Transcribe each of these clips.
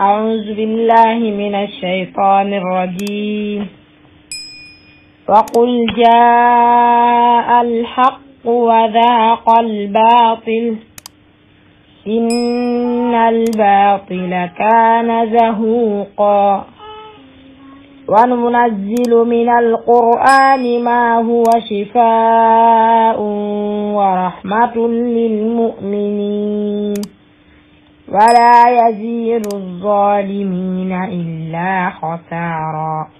أعوذ بالله من الشيطان الرجيم وقل جاء الحق وذاق الباطل إن الباطل كان زهوقا وننزل من القرآن ما هو شفاء ورحمة للمؤمنين ولا يزيد الظالمين إلا خسارا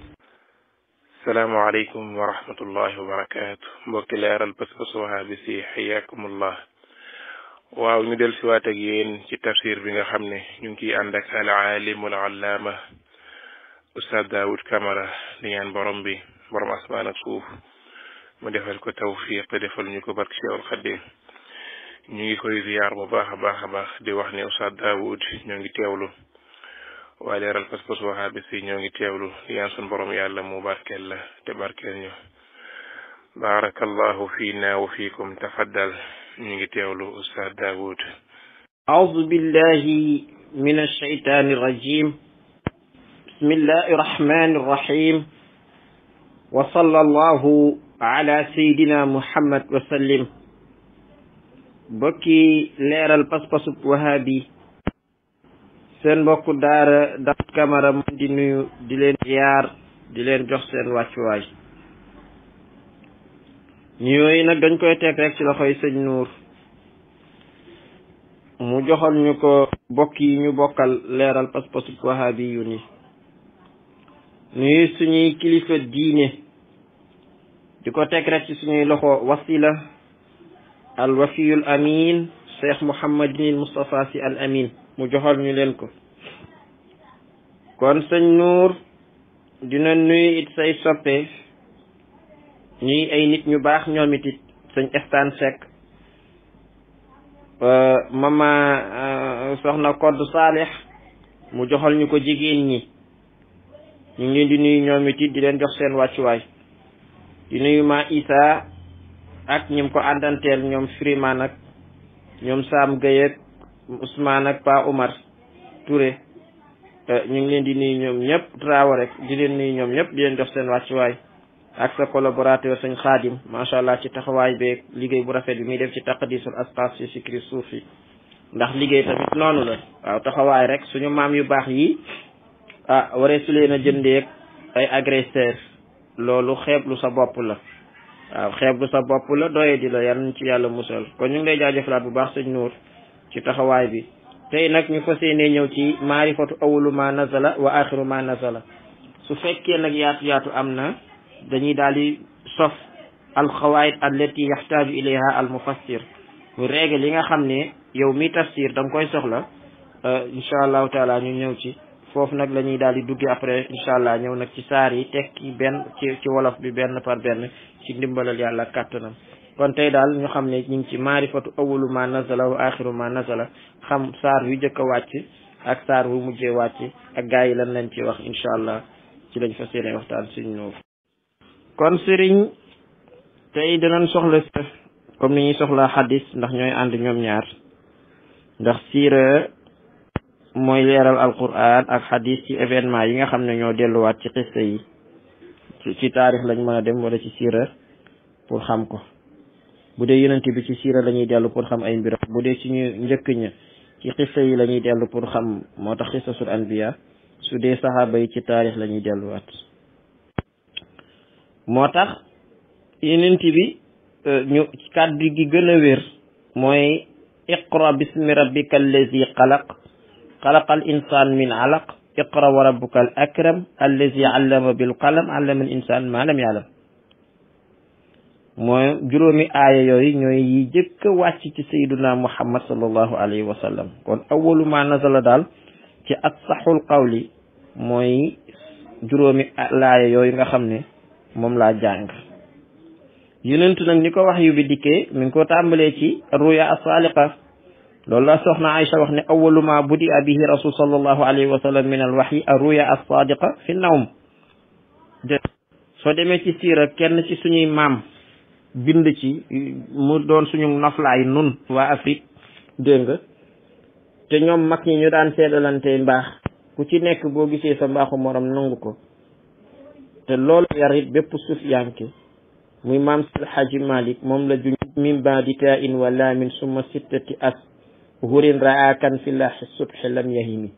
السلام عليكم ورحمة الله وبركاته mbokki leeral pas-pas wahaabi si xiyaakumullah waaw ñu del siwaat ak yéen ci tafsir bi nga xam ne ñu ngi ciy ànd ak al aalim al allaama ustaad daawud kamara di ñaan borom bi borom asmaan ak suuf mu defal ko tawfiq te defal ñu ko barke cheikhul xadim ñu ngi koy ziyaar bu baax a baax a baax di wax ne Oustaz Dawoud ñoo ngi teewlu waa leeral pas-pas waxaabis yi ñoo ngi teewlu di ñaan sun borom yàlla mu barkeel la te barkeel ñu baarakallahu fiina wa fiikum tafaddal ñu ngi teewlu Oustaz Dawoud أعوذ بالله من الشيطان الرجيم بسم الله الرحمن الرحيم وصلى الله على سيدنا محمد وسلم bokki leeral pas-pasub wahaabi seen mbokku daara da kamara mu di nuyu di leen ziar di leen jox seen wàccuwaay ñu yooyu nag dañ koy teg rek ci loxo yi sëñ Nuur mu joxal ñu ko bokk ñu bokkal leeral pas-pasub wahaabi yu ni nuyu suñuy kilifa diine di ko teg rek ci suñuy loxo wasila al wafiyul amin cheikh mouhamadinil moustapha si al amin mu joxal ñu leen ko kon sëñ nuur dina nuyu it say soppe ñuy ay nit ñu baax ñoom it it sëñ estaan Seck euh, mama euh, soxna kodd saalix mu joxal ñu ko jigéen ñi ñu ngi leen di nuyu di leen jox seen wàccuwaay di nuyu ma isa ak ñim ko andantel ñom Firiman ak ñom Sam Gueye ak Ousmane ak Pa Omar Touré ñu ngi leen di nuyu ñom ñep Traoré rek di leen nuyu ñom ñep di leen jox seen way ak sa collaborateur sëñ Khadim sha allah ci taxaway be liggey bu rafet bi mi def ci taqdisul asqas ci sikri soufi ndax liggey tamit nonu la waaw taxaway rek suñu mam yu bax yi ah waré su leena jëndé ay agresseur loolu xeeblu sa bop la waaw xeeblu sa bopp la doye di la yal ñu ci yàlla musal kon ñu ngi lay jaajëfalaat bu baax sëñ Nuur ci taxawaay bi tey nag ñu fas yéenee ñëw ci maarifatu awalu ma nazala wa axiru ma nazala su fekkee nag yaatu yaatu am na dañuy daal di sof alxawaayit allati yaxtaaju ilayha al mufassir règle yi nga xam ne yow mi tafsir da nga koy soxla euh, incha allahu taala ñu ñëw ci foofu nag la ñuy daal di dugge après incha allah ñëw nag ci saar yi tekki benn ci ci wolof bi benn par benn ci ndimbalal yàlla kàttanam kon tey daal ñu xam ne ñu ngi ci maarifatu awalu ma nazala wa axiru ma nazala xam saar yu njëkk a wàcc ak saar wu mujjee wàcc ak gars yi lan lañ ci wax incha allah ci lañ fa yéene waxtaan suñu noofu kon sëriñ tey dinañ soxla comme ni ñuy soxlaa xadis ndax ñooy ànd ñoom ñaar ndax siira moy leral alquran ak hadis ci événement yi nga xamne ñoo delu wat ci xiste yi ci tarikh lañ mëna dem wala ci sirah pour xam ko bu dee yonent bi ci siira lañuy delu pour xam ay mbir bu dee ci ñu ñëk ña ci xiste yi lañuy delu pour xam motax tax xistasul anbiya su dé sahaba yi ci tarikh lañuy delu wat motax tax bi euh, ñu kaddu gi gëna wër moy iqra bismi rabbikal ladzi xalaq خلق الإنسان من علق اقرأ وربك الأكرم الذي علم بالقلم علم الإنسان ما لم يعلم موي جرومي آية يوي نوي يجيك واسي سيدنا محمد صلى الله عليه وسلم كون أول ما نزل دال تي أصح القول موي جرومي آية يوي نخمني موم لا جانغ يننتو نك نيكو وحيو بديكي منكو تعملي تي رؤيا الصالقة loolu la soxna Aïcha wax ne awalu ma budi a bihi rasul sallallahu alayhi wa sallam min al waxyi a fi as sadiqa fi soo demee ci siira kenn ci suñuy maam bind ci mu doon suñu noflaay nun waa Afrique dégg nga te ñoom mag ñi ñu daan seedalante mbaax ku ci nekk boo gisee sa mbaaxu morom nangu ko te loolu yar it bépp sufiyanke muy maam sil xaaji malik moom la ju min baadi taa in wala min summa sittati as hurin raa kan la subhi lam yahimi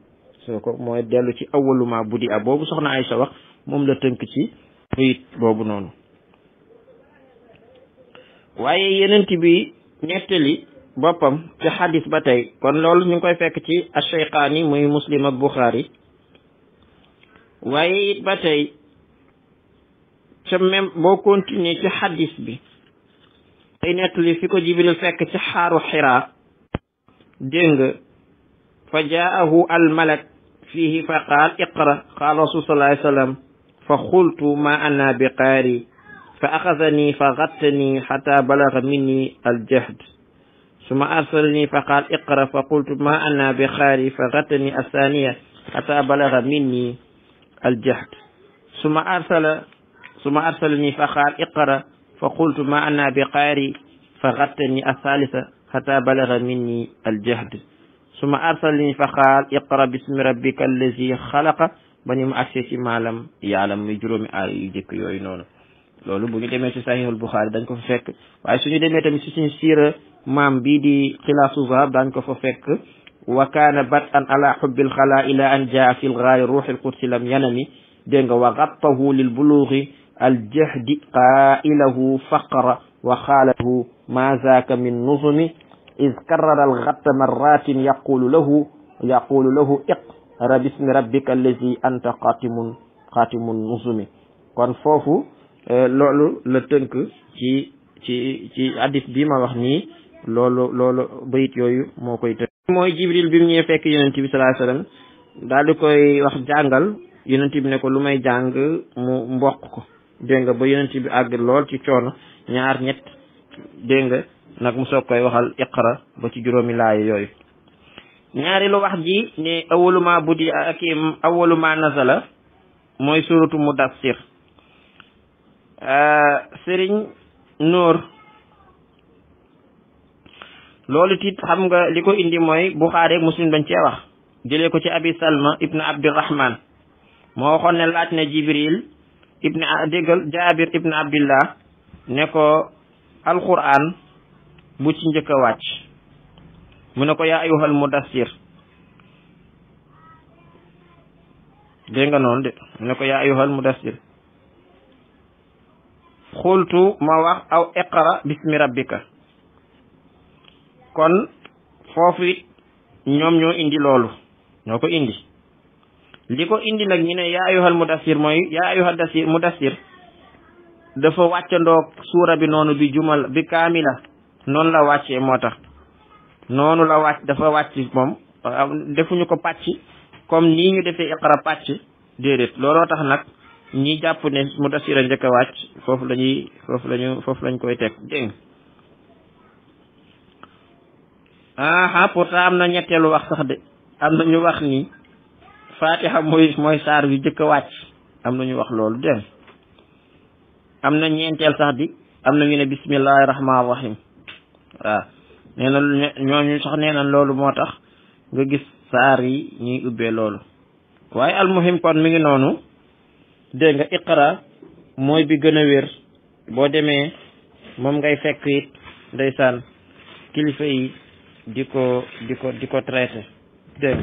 soo ko mooy dellu ci awaluma buddi ab boobu soxna Aysa wax moom la tënk ci bayit boobu noonu waaye yenent bi nettali boppam ci xadis ba tey kon loolu ñu ngi koy fekk ci asheyqaani muy muslim ak waaye it ba tey ca même boo continuer ci xadis bi day nettali fi ko jibril fekk ci xaaru xiraa دينغ فجاءه الملك فيه فقال اقرا قال رسول الله صلى الله عليه وسلم فقلت ما انا بقاري فاخذني فغتني حتى بلغ مني الجهد ثم ارسلني فقال اقرا فقلت ما انا بقاري فغتني الثانيه حتى بلغ مني الجهد ثم ارسل ثم ارسلني فقال اقرا فقلت ما انا بقاري فغتني الثالثه حتى بلغ مني الجهد ثم أرسلني فقال اقرأ باسم ربك الذي خلق بني مؤسس ما لم يعلم مجرم آي جيك يوينون لولو بني دمي سيسايه البخاري دانك ففك وعي سنو دمي تمي سيسين سيرة مام بيدي خلاص ظهر دانك ففك وكان بطءا على حب الخلاء إلى أن جاء في الغاية روح القدس لم ينمي دينغ وغطه للبلوغ الجهد قائله فقر وخاله ما ذاك من نظم إذ كرر الغط مرات يقول له يقول له اقرأ باسم ربك الذي أنت kon foofu eh, loolu la tënk ci ci ci hadis bi ma wax nii loolu loolu bayit yooyu moo koy tënk mooy jibril bi mu fekk yonent bi sallallahu alayhi daal di koy wax jàngal yonent bi ne ko lu may jàng mu mboq ko dégg nga ba yonent bi àgg lool ci coono ñaar ñett dégg nag mu soog koy waxal iqra ba ci juróomi laay yooyu ñaareelu wax ji ne awaluma buddi ak awaluma nazala mooy suratu mudassir euh, sëriñ Noor loolu tiit xam nga li ko indi mooy Buxaari muslim dañ cee wax jëlee ko ci abi salma ibnu abdirahman moo waxoon laaj na jibril ibnu déggal ne ko alquran bu ci njëkk a wàcc mu ne ko yaa mu mudassir dégg nga noonu de mu ne ko yaa mu mudassir xultu ma wax aw iqra bismi rabbika kon foofu ñoom ñoo indi loolu ñoo ko indi li ko indi nag ñu ne yaa ayyuhal mudassir mooy yaa ayyuhal mudassir dafa wàccandoog suura bi noonu bi jumal bi kaamila noonu la wàccee moo tax noonu la wàcc dafa wàcc moom defuñu ko pàcc comme nii ñu defee iqra pàcc déedéet looloo tax nag ñi jàpp ne mu dasira njëkk a wàcc foofu lañuy ñuy foofu lañu foofu lañ koy teg dégg aha pourtant am na ñetteelu wax sax de am na ñu wax ni fatiha mooy mooy saar bi njëkk a wàcc am na ñu wax loolu dégg am na ñeenteel sax bi am na ñu ne bismillahi rahmaani rahim waaw nee na ñooñu sax nee na loolu moo tax nga gis saar yi ñuy ubbee loolu waaye almuhim kon mi ngi noonu dégg nga iqra mooy bi gën a wér boo demee moom ngay fekk it ndeysaan kilifa yi di ko di ko di ko traité dégg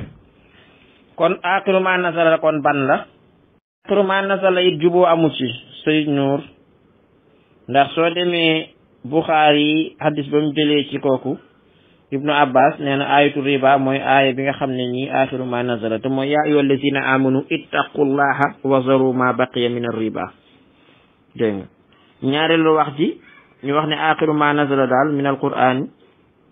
kon aaxiru maa kon ban la aaxiru maa nasala juboo amu ci sëy ñuur ndax soo demee buxaari yi xadis ba mu jëlee ci kooku ibnu abbas nee na ayatu riba mooy aaya bi nga xam ne nii axiru ma nazala te mooy yaa ayyuha allazina amanu ittaqullaha wazaru ma baqiya min arriba dégg nga ñaareelu wax ji ñu wax ne axiru ma nazala daal min alquran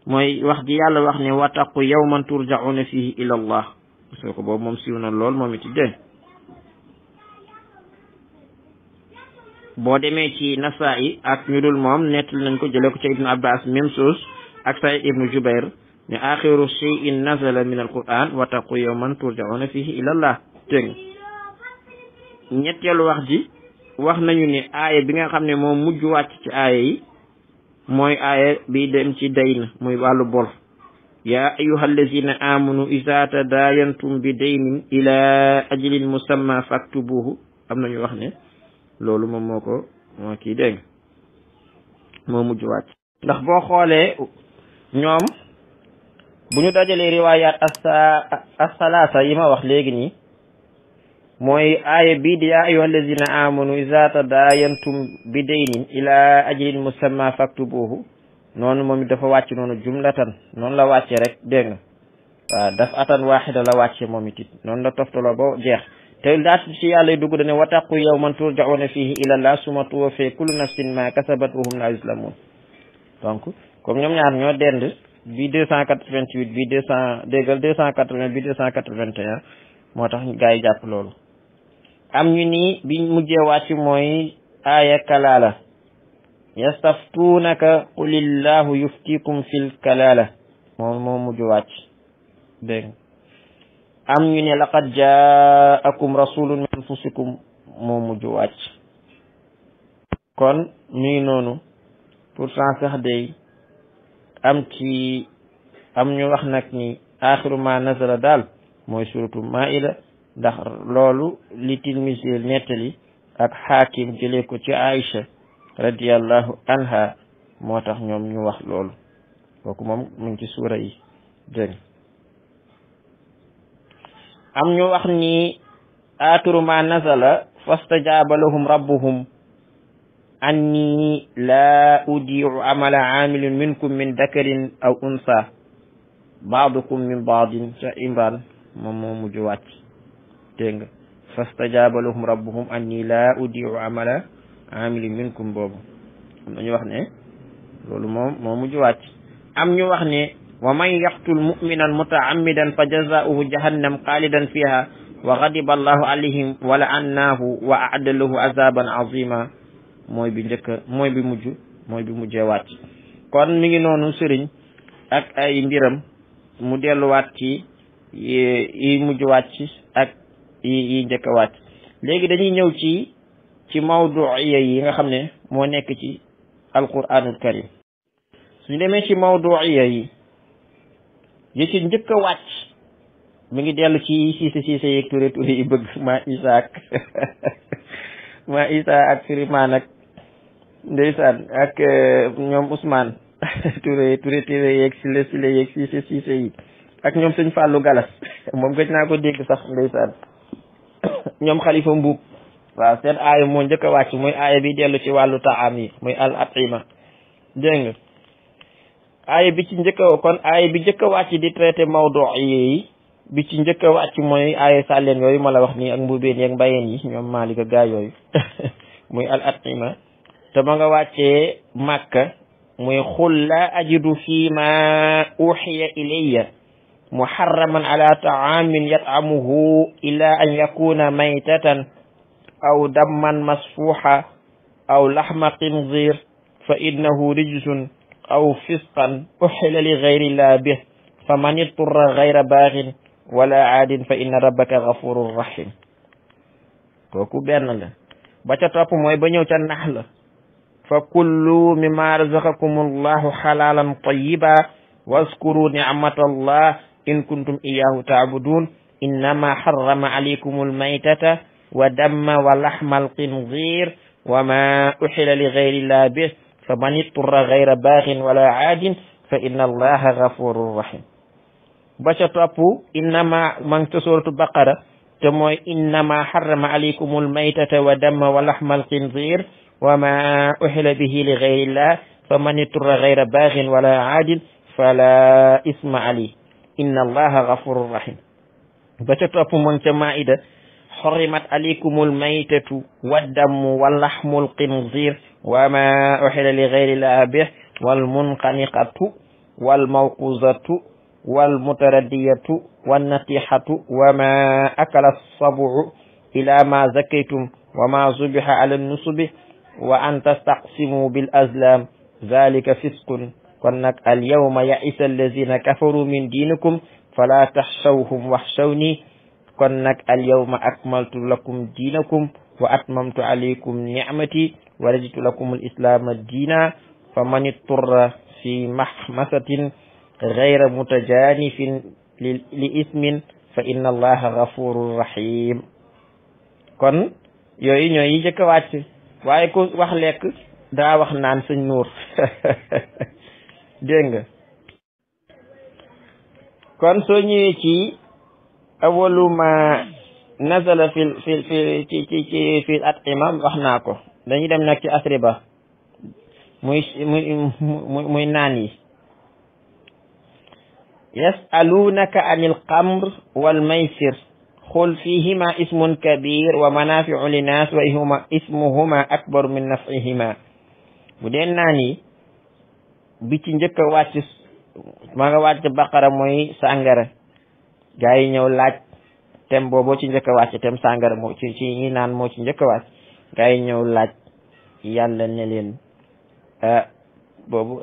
mooy wax ji yàlla wax ne wattaqu yawman turjauna fihi ila allah soo ko boobu moom siiw na lool moom it dégg boo demee ci nasaa'i ak ñu dul moom nettali nañ ko jëlee ko ca ibnu abbas même chose ak say ibnu jubair ne axiru cheyin nazala min alquran wattaqu yawman turjauna fihi ila allah dégg ñetteelu wax ji wax nañu ne aaya bi nga xam ne moom mujj wàcc ci aaya yi mooy aaya bi dem ci dayn muy wàllu bor yaa ayuha allazina amanu ida tadayantum bi daynin ila ajlin musamma faktubuhu am nañu wax ne loolu moom moo ko moo kii dégg moo mujj wàcc ndax boo xoolee ñoom bu ñu dajalee riwaayaat asalaasa yi ma wax léegi nii mooy aaya bii di yaa ayuha alladina amanu iza tadayantum bi daynin ila ajlin musamma faktubuhu noonu moom dafa wàcc noonu jumlatan noonu la wàcce rek dégg nga waaw daf la wàcce moom it noonu la toftaloo ba jeex te laat ci yàlla dugg dane wattaqu yawman turja'una fihi ila Allah summa tuwaffa kullu nafsin ma kasabat wa hum la yuslamun donc comme ñoom ñaar ñoo dend bi deux cent quatre-vingt-huit bi deux cent déggal deux cent quatre-vingt bi deux cent quatre-vingt-un moo tax gaa yi jàpp loolu am ñu nii bi mujjee wàcc mooy aaya kalaala yastaftuunaka qulillahu yuftikum fil kalaala moom moo mujj wàcc dégg am ñu ne laqad jaakum rasulun min anfusikum moo mujj wàcc kon mi ngi noonu pourtant sax day am ci am ñu wax nag ni axiru ma nazala daal mooy suratu maida ndax loolu li tilmisil nettali ak xaakim jëlee ko ci aïcha radiallahu anha moo tax ñoom ñu wax loolu kooku moom mu ngi ci suura yi dégg am ñu wax ni aaturu ma nazala fastajaaba lahum rabbuhum anni laa udiu amala amilin minkum min dakarin aw unsa baadukum min baadin ca imran moom moo mujj wàcc dégg nga fastajaaba lahum rabbuhum anni laa udiu amala amilin minkum boobu am na ñu wax ne loolu moom moo mujj wàcc am ñu wax ne wa man yaqtul muminan mutaammidan fa jazauhu jahannam xaalidan fiha wa xadiba allahu alayhim wa laannaahu wa aadalahu azaban azima mooy bi njëkk mooy bi mujj mooy bi mujjee waat kon mi ngi noonu sëriñ ak ay mbiram mu delluwaat ci yi mujj wàcc ak yi yi njëkk a wàcc léegi dañuy ñëw ci ci mawduiya yi nga xam ne moo nekk ci alquranul karim suñu demee ci mawduiya yi yi ci njëkk a wàcc mi ngi dellu ci siise siise yeeg ture ture yi bëgg maa isa ak maa isa ak Firimaan ak ndeysaan ak eh, ñoom Ousmane ture ture ture yeeg sile sile yi ak ñoom sëñ Fallou Galas moom gëj naa ko dégg sax ndeysaan ñoom Khalifa Mbuub waaw seen aaya moo njëkk a wàcc muy aaya bi dellu ci wàllu taam yi muy al atima dégg nga aaya bi ci njëkk a kon aaya bi njëkk a wàcc di ci njëkk wàcc mooy ay sàlleen yooyu ma wax ni ak mbubeen yeeg mbayeen yi ñoom maalika gaa yooyu muy al atima te ma nga wàccee màkka muy xul laa ajidu fii ma uxiya ilayya muharraman ala taamin yat'amuhu ila an yakuna maytatan aw damman masfuuxa aw laxma xinzir fa innahu rijsun أو فسقا أحل لغير الله به فمن اضطر غير باغ ولا عاد فإن ربك غفور رحيم كوكو بيرنا لا باتا توب موي با نيو فكلوا مما رزقكم الله حلالا طيبا واذكروا نعمة الله إن كنتم إياه تعبدون إنما حرم عليكم الميتة ودم ولحم القنظير وما أحل لغير الله به فمن اضطر غير باغ ولا عاد فإن الله غفور رحيم باشا توابو إنما من سورة البقرة تموي إنما حرم عليكم الميتة ودم ولحم الخنزير وما أحل به لغير الله فمن اضطر غير باغ ولا عاد فلا إثم عليه إن الله غفور رحيم باشا توابو من تمائدة حرمت عليكم الميتة والدم ولحم الخنزير وما أحل لغير الله به والمنقنقة والموقوزة والمتردية والنتيحة وما أكل الصبع إلى ما زكيتم وما زبح على النصب وأن تستقسموا بالأزلام ذلك فسق كنك اليوم يئس الذين كفروا من دينكم فلا تخشوهم واخشوني كنك اليوم أكملت لكم دينكم وأتممت عليكم نعمتي ورجت لكم الإسلام دينا فمن اضطر في محمسة غير متجانف لإثم فإن الله غفور رحيم كن يوي نوي جك وات واي كو واخ ليك دا واخ نان سن نور دينغ كون سو نيي تي اولو ما نزل في في في في في, في, في, في, في, في, في, في, في dañuy dem nag ci asri ba muy muy muy naan yi yasaluunaka an ilxamr walmaysir xul fihima ismun kabir wa manafiu linnas wa ismuhuma akbaru min nafihima bu dee naan yi bi ci njëkk a wàcc ma nga baqara mooy sàngara gaa yi ñëw laaj tem boobu ci njëkk a wàcc tem sàngara moo ci ci ñi naan moo ci njëkk a gaa ñëw laaj yàlla ne leen ah, boobu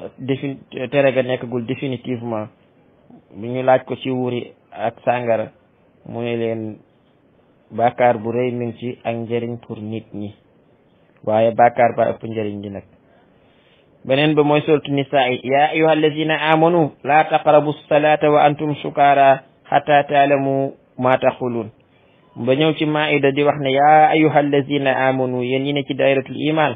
tere ga nekkagul définitivement bu ñu laaj ko ci wuri ak sàngara mu ne leen bàkkaar bu rëy mi ngi ci ak njëriñ pour nit ñi waaye bàkkaar ba ëpp njëriñ bi nag beneen ba mooy soltu nisaa yi yaa ayuha allazina amanu laa taqrabu salata wa antum sukara xata taalamu ma taxuluun ba ñëw ci maida di wax ne yaa ayuha allazina amanu yéen ñi ne ci dairatul iman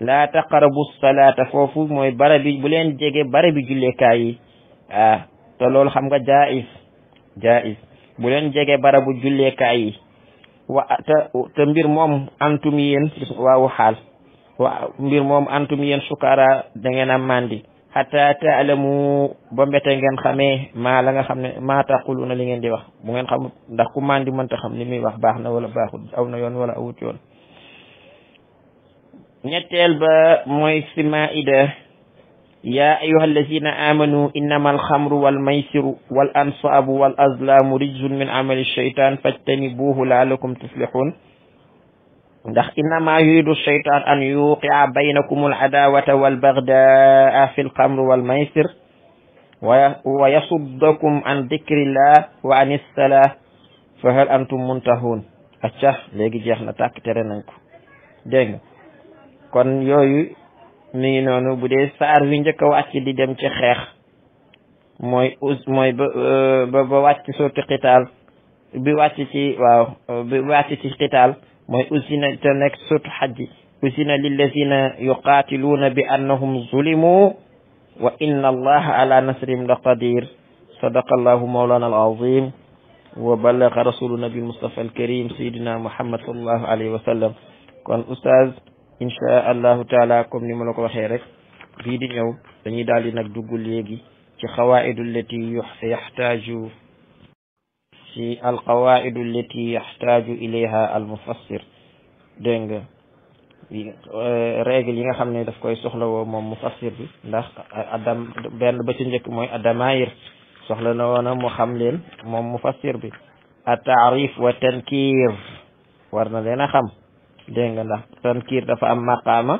laa taqarabu salaata foofu mooy barabi bu leen jege barabi jullekaay yi ah te loolu xam nga jaiz jaiz bu leen jege barabu jullekaay yi wa mbir moom antum waawu xaal mbir moom antum yéen sukara da ngeen xata taalamu ba mbete ngeen xamee maa la nga xam ne maa taquluna li ngeen di wax bu ngeen xamut ndax ku mandi mënta xam li muy wax baax na wala baaxut aw na yoon wala awut yoon ñetteel ba mooy si maida yaa ayuha allazina amanu innama alxamru walmaysiru wal ansaabu wal azlaamu rijsun min amali shaytan fajtanibuhu laalakum tuflihun ndax innama yuridu shaytaan an yuqia baynakum al adawata wal bagdaa fi l xamr wal maysir wa yasuddakum an dikrillah wa an issalah fa hal antum muntahun acca léegi jeex na tàkk tere nañ ko dégg nga kon mi ngi noonu bu dee saar wi njëkk a wàcc di dem ci xeex mooy euh, ba ba wàcc surtout xitaal bi wàcc ci waaw mooy usina te nekk surtout xajji usina lillazina yuqaatiluuna bi annahum zulimu wa inna allaha ala nasrim la qadir sadaqa allahu mawlana alazim wa ballaga rasulu nabi almustafa alkarim sayidina muhammad salallahu alayhi wa sallam kon oustaz inchaa allahu taala comme ni ma la ko waxee rek bii di ñëw dañuy daal di nag dugg léegi ci xawaaidul lati yaxtaaju ci alqawaidu allati yaxtaaju ilayha almufassir dégg nga euh, règle yi nga xam ne daf koy soxlawoo moom mufassir bi ndax adam benn ba soxla na woona mu xam leen moom mufassir bi a taarif wa tankir war na leen a xam dégg ndax tankir dafa am maqaama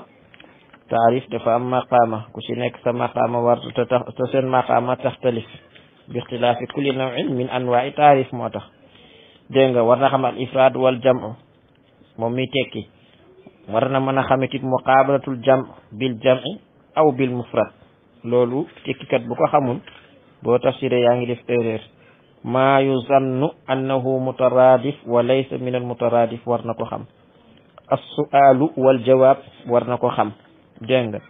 taarif dafa am maqaama ku ci nekk sa maqaama war te tax seen maqaama taxtalif bi ixtilaafi kulli nawin min anwaai taarif moo tax dégg nga war na xam al ifraad wal jam moom mi tekki war na mën a xamitit muqaabalatul jam bil jami aw bil mufrad loolu tekkikat bu ko xamul boo tafsiré yaa ngi def erreur maa yuzannu annahu mutaraadif wa laysa min al mutaraadif war na ko xam as su'aalu wal jawaab war na ko xam dégg nga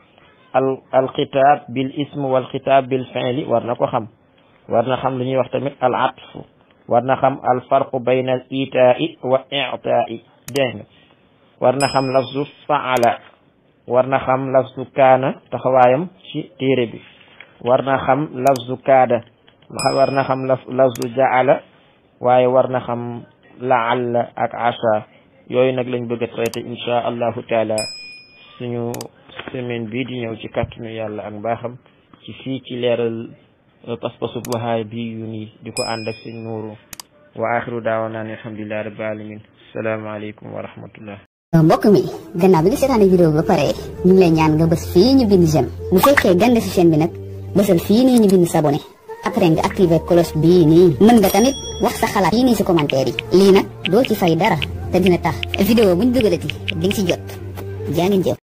al alxitaab bil ism wal xitaab bil fi'li war na ko xam war na xam li ñuy wax tamit al atf war na xam al farqu bayna al itai wa itai dégg nga war na xam lafzu faala war na xam lafzu kaana taxawaayam ci téere bi war na xam lafzu kaada war na xam lafzu jaala waaye war na xam laalla ak asa yooyu nag lañ bëgg a traité insha allahu taala suñu semaine bii di ñëw ci kàttanu yàlla ak mbaaxam ci fii ci leeral pas bu hay bi yuni diko di ko ànd ak seen wa akhiru dawana ni rabbil alamin alaykum wa rahmatullah mbok mi gannaaw bi setan video ba pare ñu lay ñaan nga bëss fi ñu bind j'aime bu fekkee gande ci chaîne bi nak bëssal fi ni ñu bind s'abonner après nga activer cloche bi ni mën nga tamit wax sa xalaat yi ni ci commentaire yi li nak do ci fay dara te dina tax video buñ dugalati di ci jot jaa jëf